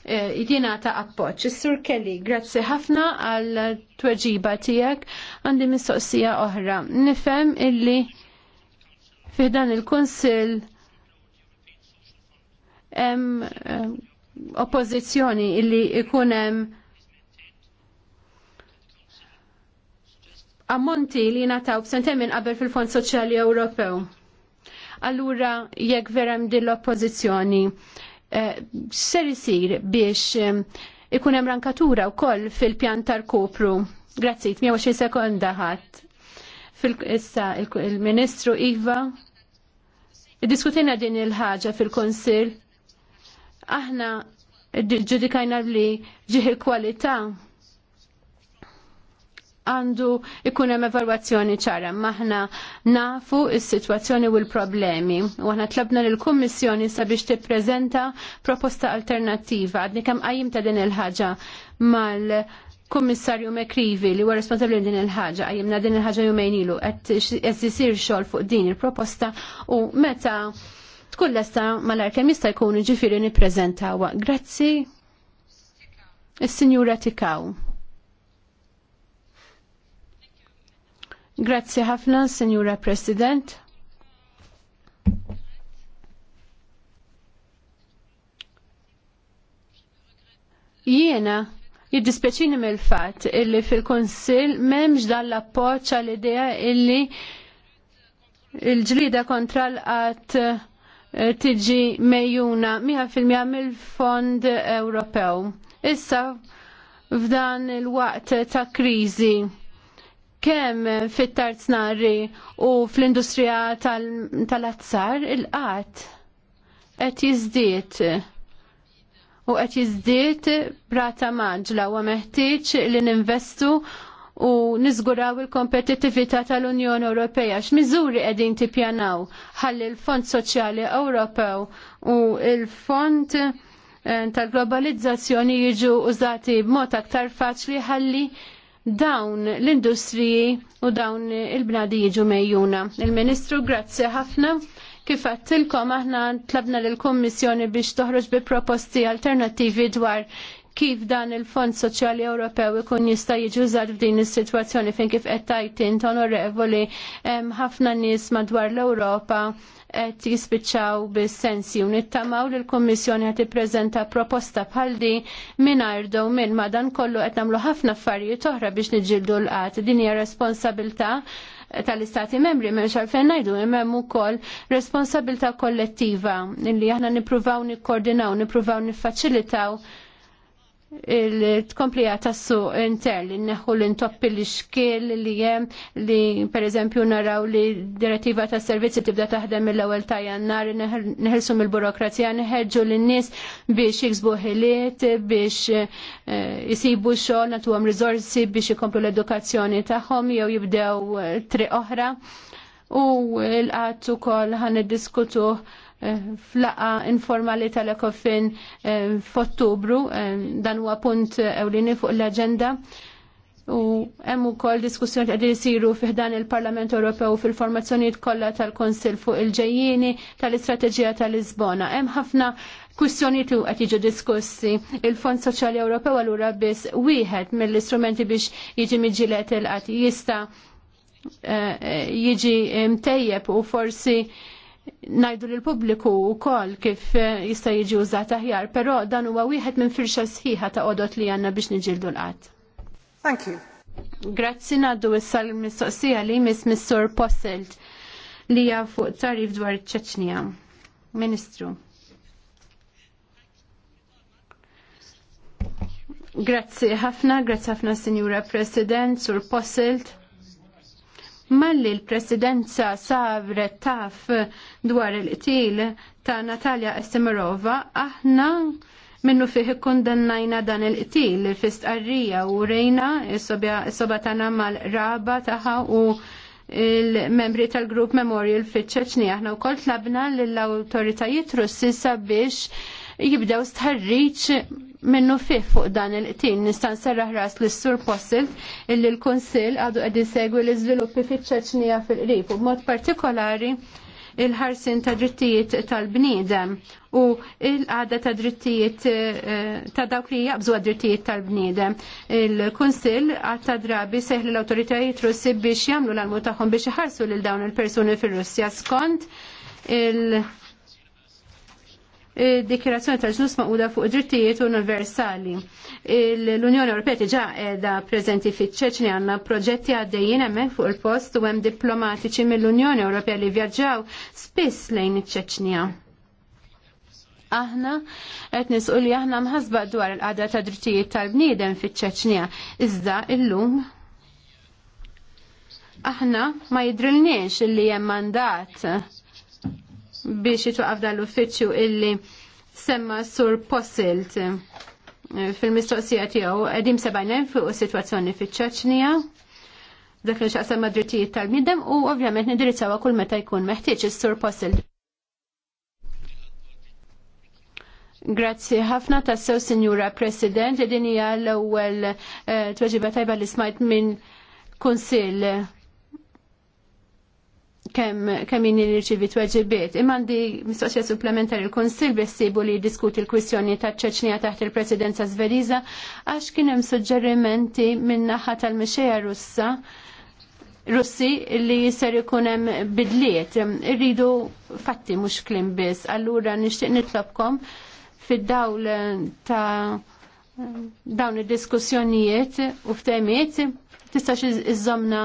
jidina ta' appoċ. Is-Sur Kelly, grazzi ħafna għal tweġiba tiegħek għandi mistoqsija oħra. Nifhem illi dan il-Kunsill hemm oppożizzjoni illi ikun hemm ammonti li nataw b'sentem minn qabel fil-Fond Soċjali Ewropew. Allura jekk verem din l-oppożizzjoni eh, ser isir biex ikun hemm rankatura wkoll fil-pjan tal-kopru. Grazzi, 20 sekonda ħadd. Issa il-Ministru Iva, Diskutina din il-ħaġa fil-Konsil aħna ġudikajna li ġiħi kwalità għandu ikun hemm evalwazzjoni ċara, maħna nafu s-sitwazzjoni u l-problemi. U aħna tlabna lill-Kummissjoni sabiex tippreżenta proposta alternattiva. Għadni kemm qajjim ta' din il-ħaġa mal kummissarju Mekrivi li huwa responsabbli din il-ħaġa, għajjimna din il-ħaġa jumejn ilu, qed isir xogħol fuq din il-proposta u meta tkun lesta mal-arkem jista' jkun ġifiri nippreżentawa. Grazzi. Is-Sinjura Tikaw. Grazzi ħafna, Sinjura President. Jiena jiddispeċini mill-fat illi fil-Konsil memx dan l-appoċ għall idea illi il-ġlida kontra l-qat Eh, tiġi mejjuna fil-mija mill-Fond Ewropew. Issa f'dan il-waqt ta' kriżi kemm fit-tarz Nari u fl-industrija tal-azzar tal il-qat qed jiżdied u qed jiżdied brata maġla u meħtieġ li ninvestu u niżguraw il kompetitività tal-Unjoni Ewropea x'miżuri qegħdin tippjanaw ħalli l-Fond Soċjali Ewropew u l-Fond eh, tal-globalizzazzjoni jiġu użati b'mod aktar faċli ħalli dawn l-industriji u dawn il-bnadi jiġu mejjuna. Il-Ministru, grazzi ħafna. Kif għattilkom aħna tlabna l-Kommissjoni biex toħroġ bi proposti alternativi dwar kif dan il-Fond Soċjali Ewropew ikun jista' jiġi użat f'din is-sitwazzjoni fejn kif qed tajt int onorevoli hemm ħafna nies madwar l-Ewropa qed jispiċċaw bis-sensi u nittamaw li l-Kummissjoni qed tippreżenta proposta bħal di mingħajr ma minn madankollu qed nagħmlu ħafna affarijiet oħra biex niġġieldu l-qatt. Din hija responsabilità tal-istati membri, menx għalfejn najdu, jemmem u koll responsabilta kollettiva, illi aħna nipruvaw nikkoordinaw, nipruvaw nifacilitaw il-tkomplija tassu intern li neħu l-intoppi li xkil li jem li per eżempju naraw li direttiva ta' servizzi tibda taħdem mill-ewel ta' jannar neħelsum mill-burokrazija neħedġu l-nis biex jiksbu ħiliet biex eh, jisibu xogħol natu għam rizorsi biex jikomplu l-edukazzjoni tagħhom jew jibdew eh, tri oħra u l-qatt ukoll ħan diskutu Eh, flaqa informali tal-ekofin eh, f'Ottubru eh, dan huwa punt ewlini fuq l-aġenda u hemm ukoll diskussjoni qegħdin isiru fiħdan il-Parlament Ewropew fil-formazzjonijiet kollha tal-Konsil fuq il-ġejjieni tal-Istrateġija tal-Lisbona. Hemm ħafna kwistjonijiet tu qed jiġu diskussi. Il-Fond Soċjali Ewropew allura biss wieħed mill-istrumenti biex jiġi miġilet il-qatt jista' jiġi mtejjeb u forsi najdu l pubbliku u kol kif eh, jista' jiġi użat aħjar, però dan huwa wieħed minn firxa sħiħa ta' odot li għandna biex niġildu l-qatt. Thank you. Grazzi naddu issa l-mistoqsija li jmiss Missur Posselt li hija tarif dwar ċeċnija. Ministru. Grazzi ħafna, grazzi ħafna Signora President, Sur Posselt malli l-presidenza savre taf dwar il-qtil ta' Natalja Estemirova, aħna minnu fih kondannajna dan il-qtil arrija u rejna s-soba tana mal-raba taħa u il-membri tal-grupp Memorial fi ċeċni. Aħna u kolt tlabna l-autoritajiet russi sabiex jibdew stħarriċ minnu fih fuq dan il-qtin nistan serraħ ras l sur possil illi l-Konsil għadu għedin segwi l-izviluppi fi ċeċnija fil-qrib u mod partikolari il-ħarsin ta' drittijiet tal-bniedem u il-għada ta' drittijiet eh, ta' dawk li jabżu drittijiet tal-bniedem. Il-Kunsil għatta drabi seħli l-autoritajiet russi biex jamlu l-almu taħħom biex jħarsu l-dawn il-personi fil-Russja skont il- dikjerazzjoni tal-ġnus maquda fuq drittijiet universali. L-Unjoni Ewropea diġa' qiegħda preżenti fiċ-ċeċni għanna proġetti għaddejjin hemmhekk fuq il-post u hemm diplomatiċi mill-Unjoni Ewropea li vjaġġaw spiss lejn iċ-Ċeċnija. Aħna qed nisqu li aħna mħasba dwar il-qada ta' drittijiet tal-bniedem fiċ-Ċeċnija. Iżda illum aħna ma jidrilniex li hemm mandat biex jitwaqaf dal-uffiċċju illi semma sur posilt fil-mistoqsija tiegħu qegħdim sebajnen fuq is-sitwazzjoni fiċ-Ċeċnija dak li xaqsam mad-drittijiet tal-bniedem u ovvjament nidirizzawha kull meta jkun meħtieġ is-sur posilt. Grazzi ħafna tassew, Sinjura President, din hija l-ewwel eh, tweġiba tajba li smajt minn kunsill kemm kemm jien irċivi tweġibiet. Imma mistoqsija supplementari l-Konsil bissibu li diskuti l kwissjoni ta' ċeċnija taħt il-Presidenza Zveriza għax kien hemm suġġerimenti minn naħa tal-mixejja Russa Russi li ser ikun hemm bidliet. Irridu fatti mhux klim biss. Allura nixtieq nitlobkom fid-dawl ta' dawn id-diskussjonijiet u ftemiet tistax iżomna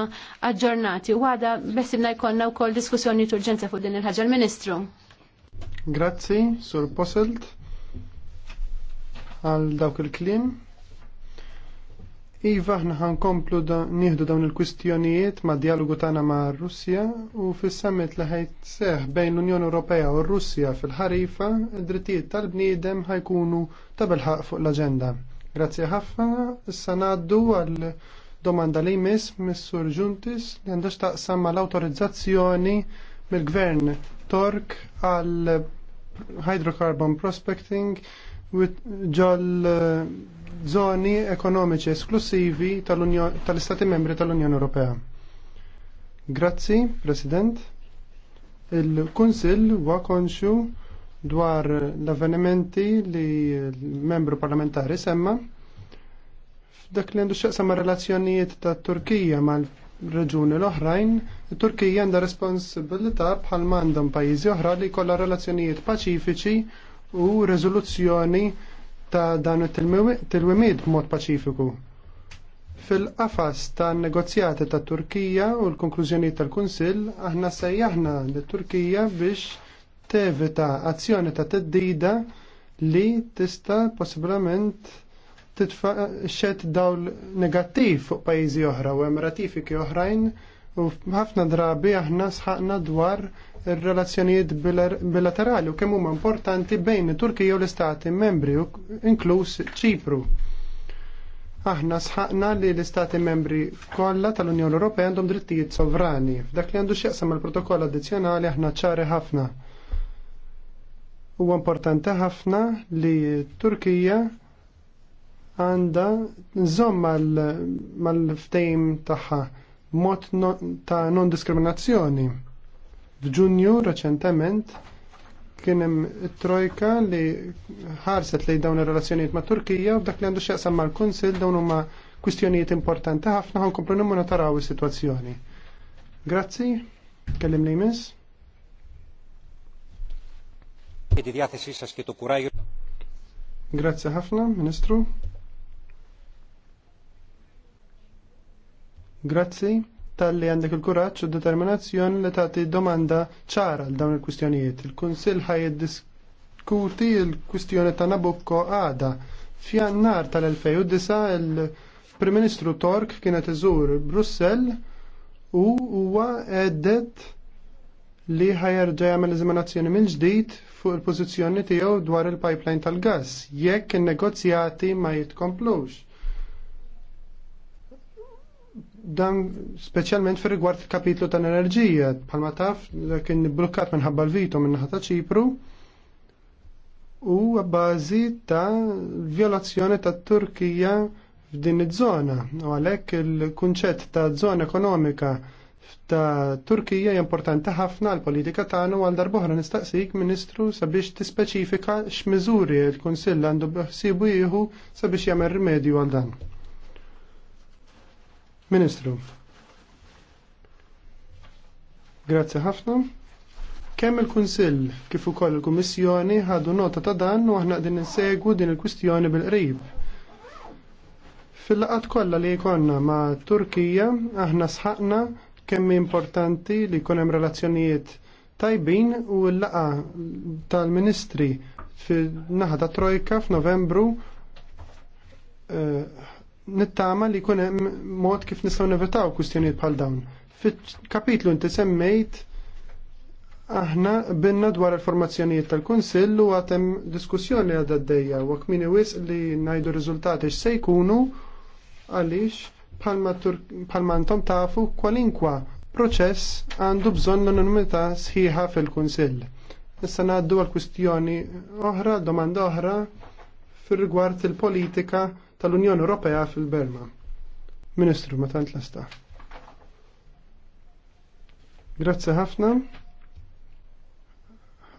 aġġornati. U għada besibna jkollna wkoll diskussjoni turġenza fuq din il-ħaġa l-Ministru. Grazzi, Sur Posselt, għal dawk il-klim. Iva, ħna ħankomplu da, nieħdu dawn il-kwistjonijiet ma' dialogu tagħna ma' russija u fis-summit li ħajt seħ bejn l-Unjoni Ewropea u r fil-ħarifa, id-drittijiet tal-bniedem ħajkunu tabelħaq fuq l agenda Grazzi ħafna, issa ngħaddu għal Domanda li jmiss Missur Juntis li għandax taqsam mal autorizzazzjoni mill-gvern Tork għal hydrocarbon prospecting ġol eh, zoni ekonomiċi esklusivi tal-Istati tal membri tal-Unjoni Ewropea. Grazzi, President. Il-Kunsil huwa konxu dwar l-avvenimenti li l-membru parlamentari semma Dak li għandu xaqsa ma' relazzjonijiet ta' Turkija mal reġuni l-oħrajn, Turkija għandha responsabilità bħal mandom pajjiżi oħra li kolla relazzjonijiet paċifiċi u rezoluzzjoni ta' dan il-wimid b'mod paċifiku. Fil-qafas ta' negozjati ta' Turkija u l-konklużjoni tal-Kunsill, aħna sejjaħna li Turkija biex tevita azzjoni ta' teddida li tista' possibilment titfa' xed dawl negattiv fuq pajjiżi oħra u hemm ratifiki oħrajn u ħafna drabi aħna sħaqna dwar ir-relazzjonijiet bilaterali u kemm huma importanti bejn Turkija u l-Istati membri inkluż Ċipru. Aħna sħaqna li l-Istati membri kollha tal-Unjoni Ewropea għandhom drittijiet sovrani. F'dak li għandu x'jaqsam mal-protokoll addizzjonali aħna ċari ħafna huwa importanti ħafna li Turkija għanda nżomm mal-ftejm tagħha mod ta' non-diskriminazzjoni. F'Ġunju reċentement kien hemm trojka li ħarset lejn dawn ir-relazzjonijiet ma' Turkija u dak li għandu x'jaqsam mal-Kunsill dawn huma kwistjonijiet importanti ħafna ħankomplu nimmonitaraw is-sitwazzjoni. Grazzi, kellim li jmiss. Grazie ħafna, Ministru. Grazzi tal-li għandek il-kuraċ u determinazzjon li tagħti domanda ċara l dawn il-kwistjonijiet. Il-Kunsill ħaj diskuti l-kwistjoni ta' Nabucco għada. F'jannar tal-2009 il-Prim Ministru Tork kienet iżur Brussell u huwa għeddet li ħajerġa' jagħmel eżaminazzjoni mill-ġdid fuq il-pożizzjoni tiegħu dwar il-pipeline tal-gass jekk in-negozjati ma jitkomplux dan speċjalment fir rigward kapitlu ta' enerġija bħalma taf kien blukkat minħabba l-vito minn ta' Ċipru u bażi ta' violazzjoni ta' Turkija f'din iż-żona u għalhekk il-kunċett ta' żona ekonomika ta' Turkija importanti ħafna għal politika tagħna u għal darbohra nistaqsik Ministru sabiex tispeċifika x'miżuri l-Kunsill għandu bħsibu jieħu sabiex jagħmel rimedju għal dan. Ministru, grazie ħafna. Kemm il-Kunsill kif ukoll il-Kummissjoni ħadu nota ta' dan u aħna qegħdin insegwu din il-kwistjoni bil-qrib. Fil-laqat kollha li jkollna ma' Turkija aħna sħaqna kemm importanti li jkun hemm relazzjonijiet tajbin u l-laqa tal-Ministri fin naħa ta' Trojka f'Novembru eh, nittama li kun hemm mod kif nistgħu nevitaw kwistjonijiet bħal dawn. Fit-kapitlu inti semmejt aħna binna dwar il-formazzjonijiet tal-Kunsill u għatem diskussjoni għadha d-dejja u għakmini wis li najdu riżultati x'se jkunu għaliex bħalma tafu kwalinkwa proċess għandu bżonn anonimità sħiħa fil-Kunsill. Issa ngħaddu għal kwistjoni oħra, domanda oħra fir rigward il-politika tal-Unjoni Ewropea fil-Berma. Ministru, ma tant l-esta. Grazzi ħafna.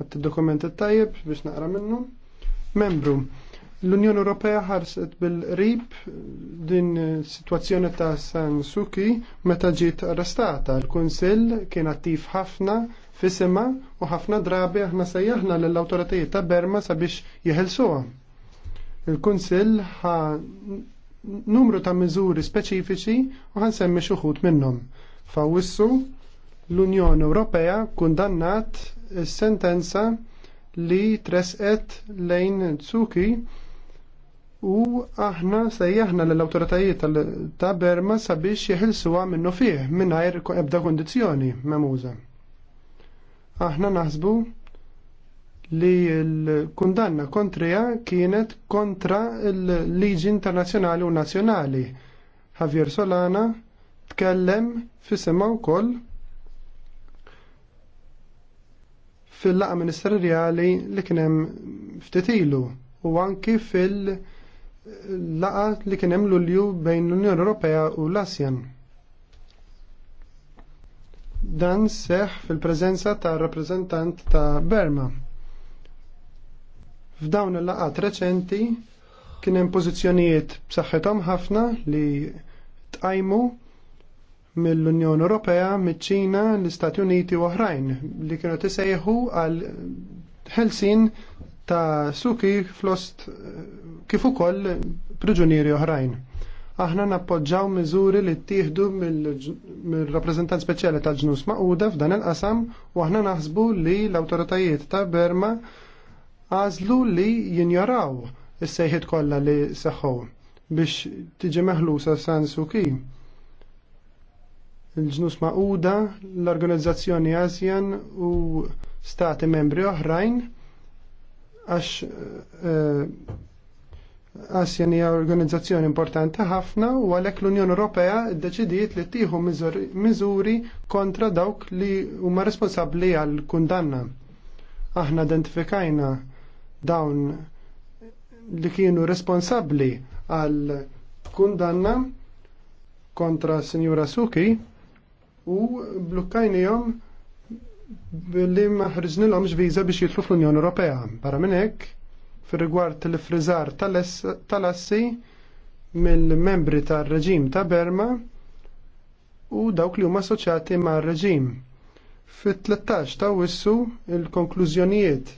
Għat dokument tajjeb biex naqra minnu. Membru, l-Unjoni Ewropea ħarset bil-rib din situazzjoni ta' San Suki meta ġiet arrestata. Il-Kunsill kien attiv ħafna fissima u ħafna drabi aħna sejjaħna l-autoritajiet ta' Berma sabiex jeħelsuha. Il-Kunsill ħa numru ta' miżuri speċifiċi u ħansemmi semmi xuħut minnhom. Fawissu l-Unjoni Ewropea kundannat sentenza li tresqet lejn Tsuki u aħna sejjaħna l-autoritajiet ta' Berma sabiex jihilsuwa minnu fih minnajr ebda kondizjoni memuża. Aħna naħsbu li l-kundanna kontrija kienet kontra l-liġi internazjonali u nazjonali. Javier Solana tkellem fissema u koll fil-laqa ministerjali li kienem ftitilu u anki fil-laqa li kienem l-ulju bejn l-Unjoni Ewropea u l-Asjan. Dan seħ fil-prezenza ta' rappresentant ta' Berma F'dawn il-laqat reċenti kien hemm pożizzjonijiet b'saħħithom ħafna li tqajmu mill-Unjoni Ewropea, miċ-Ċina, l-Istati Uniti u oħrajn li kienu tisejħu għal ħelsin ta' suki flost kif ukoll priġunieri oħrajn. Aħna nappoġġaw miżuri li ttieħdu mill-rappreżentant speċjali tal-ġnus maquda f'dan il-qasam u aħna naħsbu li l-awtoritajiet ta' Berma għazlu li jinjaraw is-sejħiet kollha li seħħu biex tiġi meħlusa San Suki. Il-ġnus Mauda, l-organizzazzjoni ASEAN u stati membri oħrajn għax eh, ASEAN hija organizzazzjoni importanti ħafna u għalhekk l-Unjoni Ewropea ddeċidiet li tieħu miżuri kontra dawk li huma responsabbli għall kundanna Aħna identifikajna dawn li kienu responsabbli għal kundanna kontra Sinjura Suki u blukkajnijom li maħriġnilhom viża biex jitlu fl-Unjoni Ewropea. Barra minn hekk, fir-rigward tal-frizar tal-assi mill-membri tar-reġim ta' Berma u dawk li huma assoċjati mar-reġim. Fit-13 ta' wissu il-konklużjonijiet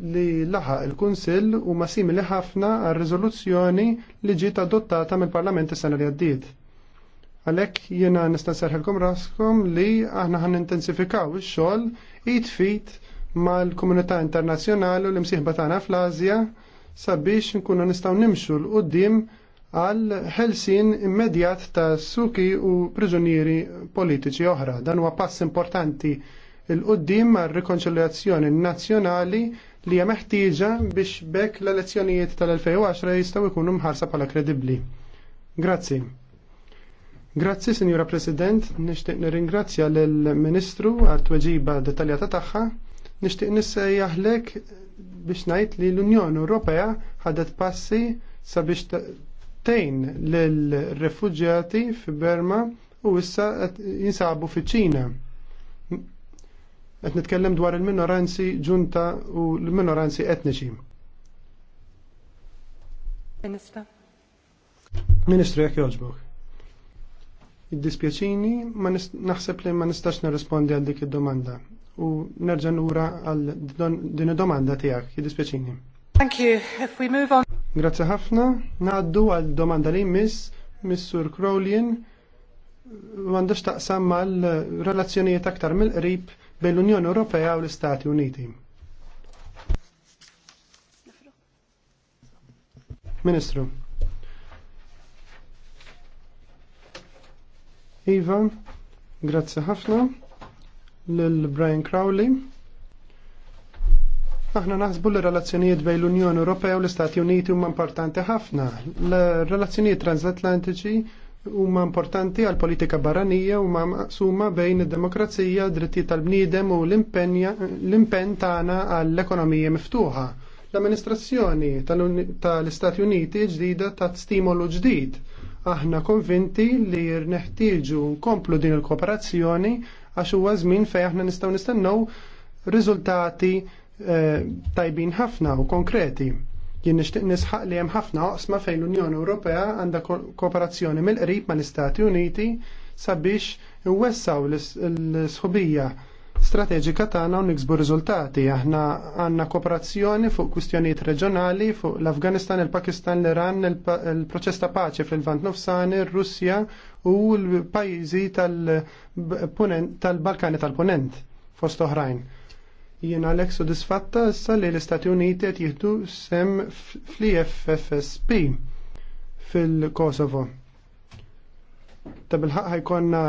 li laħa il-Kunsill u ma simili ħafna għal riżoluzzjoni li ġiet adottata mill-Parlament is-sena li għaddiet. Għalhekk jiena nista' raskom li aħna ħan intensifikaw ix-xogħol jitfit mal-komunità internazzjonali u l-imsieħba tagħna fl azja sabiex nkunu nistgħu nimxu l qudiem għal ħelsin immedjat ta' suki u priġunieri politiċi oħra. Dan huwa pass importanti il-qoddim għal rikonċiljazzjoni nazzjonali li hija meħtieġa biex bekk l-elezzjonijiet tal-2010 jistgħu jkunu mħarsa bħala kredibbli. Grazzi. Grazzi, Sinjura President, nixtieq nirringrazzja lill-Ministru għal tweġiba dettaljata tagħha. Nixtieq nissejjaħlek biex ngħid li l-Unjoni Ewropea ħadet passi sabiex tejn lill-refuġjati fi Berma u issa jinsabu fiċ-Ċina. Qed nitkellem dwar il-minoranzi ġunta u l-minoranzi etniċi. Ministra. Ministru jekk jogħġbok. Id-dispjaċini ma naħseb li ma nistax nirrispondi għal dik id-domanda u nerġa' lura għal din id-domanda tiegħek. Jiddispjaċini. Thank you. If we move on. Grazzi ħafna. Ngħaddu għal domanda li miss Missur Crowlien m'għandux taqsam mal-relazzjonijiet aktar mill-qrib bejn l-Unjoni Ewropea u l-Istati Uniti. Ministru. Iva, grazzi ħafna lil Brian Crowley. Aħna naħsbu l relazzjonijiet bejn l-Unjoni Ewropea u l-Istati Uniti huma importanti ħafna. L-relazzjonijiet transatlantiċi huma importanti għal politika barranija huma maqsuma bejn id-demokrazija, dritti tal-bniedem u l-impenn tagħna għall ekonomija miftuħa. L-amministrazzjoni tal-Istati Uniti ġdida ta' stimolu ġdid. Aħna konvinti li rneħtieġu nkomplu din il-kooperazzjoni għax huwa żmien fejn aħna nistgħu nistennew riżultati eh, tajbin ħafna u konkreti. Jien nixtieq nisħaq li hemm ħafna oqsma fejn l-Unjoni Ewropea għandha kooperazzjoni mill-qrib mal-Istati Uniti sabiex iwessaw l-sħubija strateġika tagħna u niksbu riżultati. Aħna għandna kooperazzjoni fuq kwistjonijiet reġjonali fuq l-Afganistan, il-Pakistan, l-Iran, il-proċess ta' paċi fil-Vant Nofsani, ir-Russja u l-pajjiżi tal-Balkani tal-Punent fost oħrajn. Jiena għalek sodisfatta issa li l-Istati Uniti qed jieħdu sem fl-IFFSP fil-Kosovo. Ta' bil-ħaq ħajkonna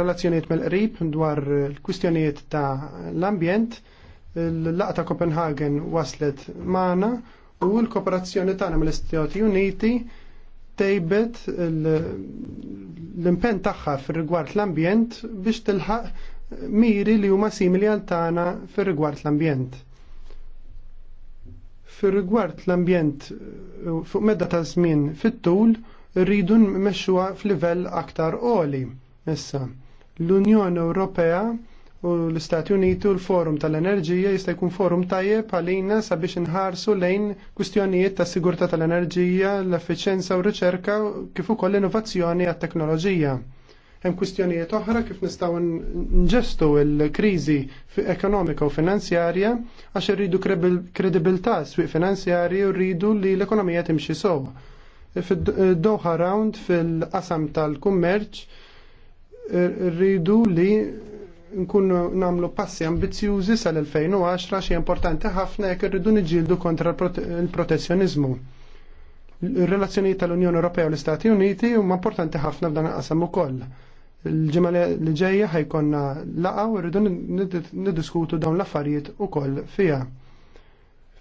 relazzjonijiet mill-qrib dwar l-kwistjonijiet ta' l-ambjent, l-laqta Copenhagen waslet maħna u l-kooperazzjoni tagħna mill-Istati Uniti tejbet l-impen tagħha fir rigward l-ambjent biex tilħaq miri li huma simili għal tagħna fir-rigward l-ambjent. Fir-rigward l-ambjent eh, fuq medda ta' żmien fit-tul rridu nmexxuha f'livell aktar qoli. Issa, l-Unjoni Ewropea u l-Istati Uniti u l-Forum tal-Enerġija jista' jkun forum tajjeb għalina sabiex inħarsu lejn kwistjonijiet ta' sigurtà tal-enerġija, l-effiċenza u r-riċerka kif ukoll l-innovazzjoni għat-teknoloġija. Hemm kwistjonijiet oħra kif nistgħu nġestu l-kriżi ekonomika u finanzjarja għax irridu kredibilità swieq finanzjarji u rridu li l-ekonomija timxi sewwa. Fid-Doha Round fil-qasam tal-kummerċ rridu li nkunu namlu passi ambizjużi sal-2010 xi importanti ħafna jekk irridu niġġieldu kontra l-protezzjonizmu. Il-relazzjonijiet tal-Unjoni Ewropea u l-Istati Uniti huma importanti ħafna f'dan qasam ukoll. Il-ġimgħa li ġejja ħajkonna laqgħa u rridu niddiskutu dawn l-affarijiet ukoll fiha.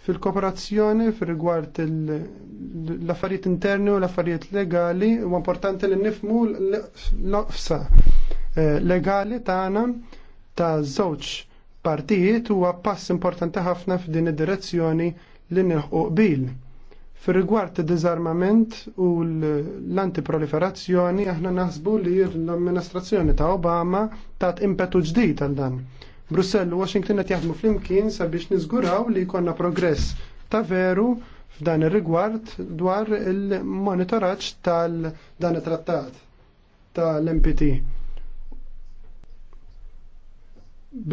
Fil-kooperazzjoni fir-rigward l-affarijiet interni u l-affarijiet legali huwa importanti li nifmu l-ofsa eh, legali tagħna ta' żewġ partijiet huwa pass importanti ħafna f'din id-direzzjoni li nilħu qbil Fir-rigward id-diżarmament u l-antiproliferazzjoni aħna naħsbu li l-amministrazzjoni ta' Obama tat impetu ġdid għal dan. Brussell u Washington qed jaħdmu flimkien sabiex niżguraw li jkollna progress ta' veru f'dan ir-rigward dwar il-monitoraġġ tal-dan it-trattat tal-MPT.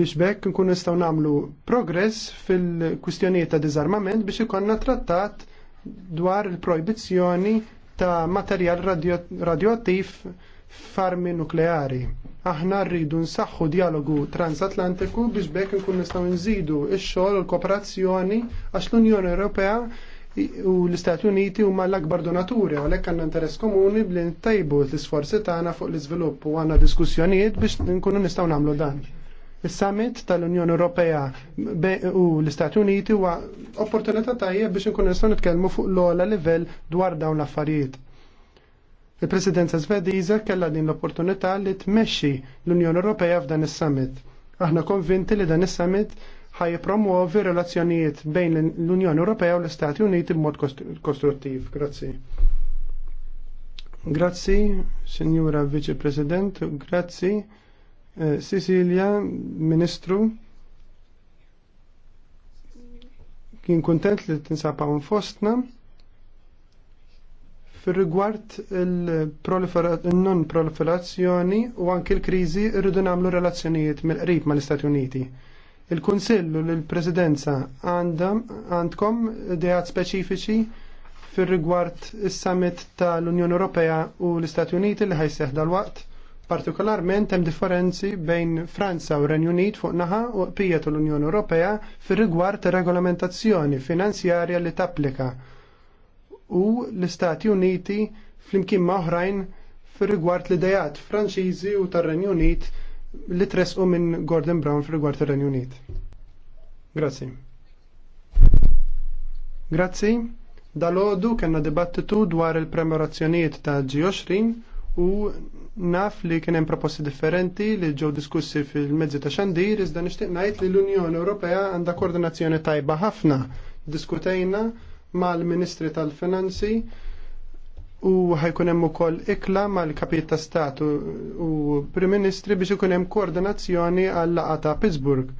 Biex bekk nkun nistgħu nagħmlu progress fil-kwistjonijiet ta' diżarmament biex ikollna trattat dwar il-projbizzjoni ta' materjal radioattiv farmi nukleari. Aħna rridu nsaħħu dialogu transatlantiku biex bekk nkun nistgħu nżidu x-xogħol u l-kooperazzjoni għax l-Unjoni Ewropea u l-Istati Uniti huma l-akbar donaturi għalhekk għandna interess komuni bli ntajbu l-isforzi tagħna fuq l-iżvilupp u għandna diskussjonijiet biex nkunu nistgħu nagħmlu dan. Is-summit tal-Unjoni Ewropea u l-Istati Uniti huwa opportunità tajjeb biex inkunu nistgħu nitkellmu fuq l-ogħla livell dwar dawn l-affarijiet. Il-Presidenza Svediża kellha din l-opportunità li tmexxi l-Unjoni Ewropea f'dan is-summit. Aħna konvinti li dan is-summit ħaj promuovi relazzjonijiet bejn l-Unjoni Ewropea u l-Istati Uniti b'mod kostruttiv. Grazzi. Grazzi, Signora Vice President, grazzi. Sicilia, eh, Ministru, kien kontent li tinsabaw fostna. fir rigward il-non-proliferazzjoni u anki l-krizi irridu nagħmlu relazzjonijiet mill-qrib mal-Istati Uniti. Il-Kunsillu l presidenza għandkom dejat speċifiċi fir rigward is-summit tal-Unjoni Ewropea u l-Istati Uniti li ħajseħ dal-waqt Partikolarment hemm differenzi bejn Franza u Renju Unit fuq naħa u qiegħed l-Unjoni Ewropea fir-rigward regolamentazzjoni finanzjarja li tapplika u l-Istati Uniti flimkien ma' oħrajn fir-rigward l-idejat Franċiżi u tar-Renju Unit li tresqu minn Gordon Brown fir-rigward ir-Renju Unit. Grazzi. Grazzi. Dalodu kellna dibattitu dwar il-premorazzjonijiet ta' G20 u naf li kien hemm proposti differenti li ġew diskussi fil-mezzi ta' xandir iżda nixtieq ngħid li l-Unjoni Ewropea għandha koordinazzjoni tajba ħafna. Diskutejna mal-Ministri tal-Finanzi u ħajkun hemm ukoll ikla mal-Kapit ta' Stat u Prim Ministri biex ikun hemm koordinazzjoni għall laqgħa ta' Pittsburgh.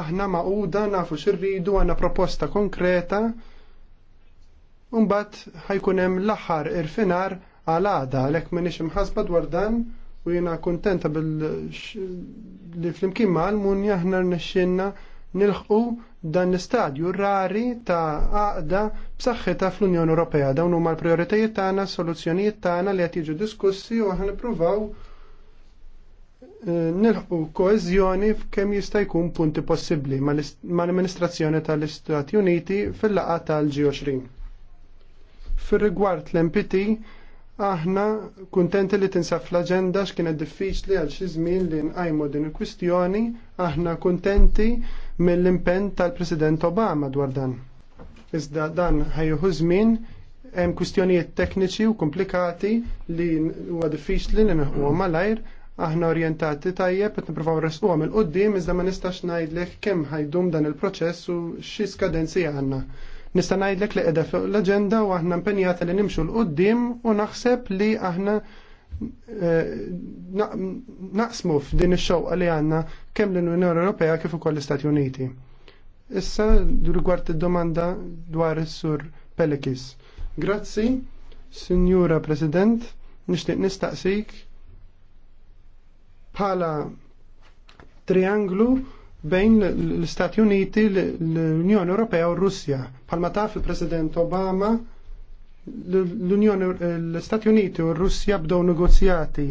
Aħna maquda nafu xirridu għandna proposta konkreta Umbat ħajkun hemm l-aħħar irfinar għal għada, għalek minix imħasba dwar dan u jena kontenta bil-li flimkien ma' għal-munja ħna rnexxinna nilħqu dan l-istadju rari ta' għaqda b'saħħitha fl-Unjoni Ewropea. Dawn huma l-prioritajiet tagħna, soluzzjonijiet tagħna li qed jiġu diskussi u aħna nippruvaw eh, nilħqu koeżjoni f'kemm jista' jkun punti possibbli mal-Amministrazzjoni tal-Istati Uniti fil-laqgħa tal-G20. Fir-rigward l-MPT, Aħna kuntenti li tinsaf l-agenda x'kienet diffiċli għal xi żmien li nqajmu din il-kwistjoni, aħna kuntenti mill-impenn tal-President Obama dwar dan. Iżda dan ħajjuħu żmien hemm kwistjonijiet tekniċi u komplikati li huwa diffiċli li neħu malajr, aħna orjentati tajjeb qed nippruvaw resquhom il qudiem iżda ma nistax ngħidlek kemm ħajdum dan il-proċess u xi skadenzi għandna. Nista' ngħidlek li qiegħda fuq l-aġenda u aħna mpenjata li nimxu l qudiem u naħseb li aħna eh, naqsmu f'din ix-xewqa li għandna kemm l-Unjoni Ewropea kif ukoll l-Istati Uniti. Issa rigward id-domanda dwar is-sur Pelekis. Grazzi, Sinjura President, nixtieq nistaqsik bħala trianglu bejn l-Istati Uniti, l-Unjoni Ewropea u r-Russja. Palma taf il-President Obama l-Unjoni l-Istati Uniti u r-Russja bdew negozjati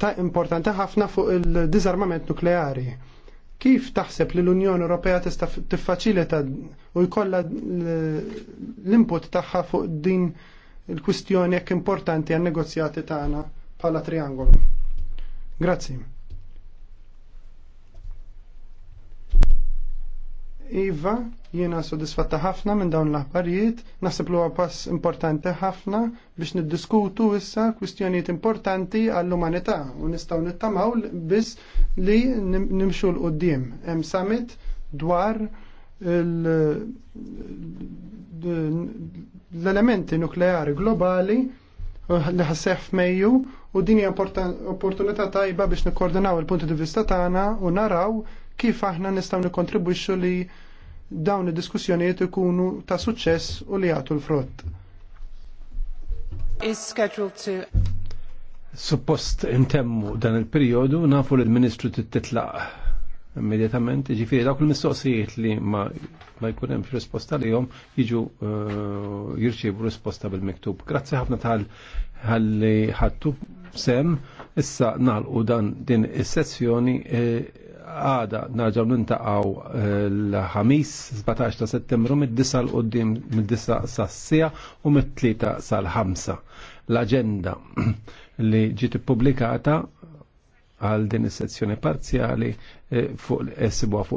ta' importanti ħafna fuq il-dizarmament nukleari. Kif taħseb li l-Unjoni Ewropea tista' tiffaċilita u jkollha l-input tagħha fuq din il-kwistjoni jekk importanti għan negozjati tagħna bħala triangolu? Grazzi. Iva, jiena sodisfatta ħafna minn dawn l-aħbarijiet, naħseb li huwa pass importanti ħafna biex niddiskutu issa kwistjonijiet importanti għall-umanità u nistgħu nittamaw biss li nimxu l qudiem Hemm summit dwar l-elementi nukleari globali uh, li ħasseħ f'Mejju u din hija opportunità tajba biex nikkoordinaw il-punti di vista tagħna u naraw kif aħna nistgħu nikkontribwixxu li dawn id-diskussjonijiet ikunu ta' suċċess u li jagħtu l-frott. Suppost intemmu dan il periodu nafu li l-Ministru titlaq immedjatament, ġifiri dawk il-mistoqsijiet li ma, ma jkun hemm risposta li jom jiġu uh, jirċievu risposta bil-miktub. Grazzi ħafna tal ħalli ħattu sem issa nagħlqu dan din is-sessjoni uh, eh, għada naġaw nintaqaw eh, l-ħamis 17 ta' settembru mid disa l-qoddim mid-9 sassija u mid-3 sal-5. L-agenda li ġiet publikata għal din is-sezzjoni parzjali eh, fuq esibuha fuq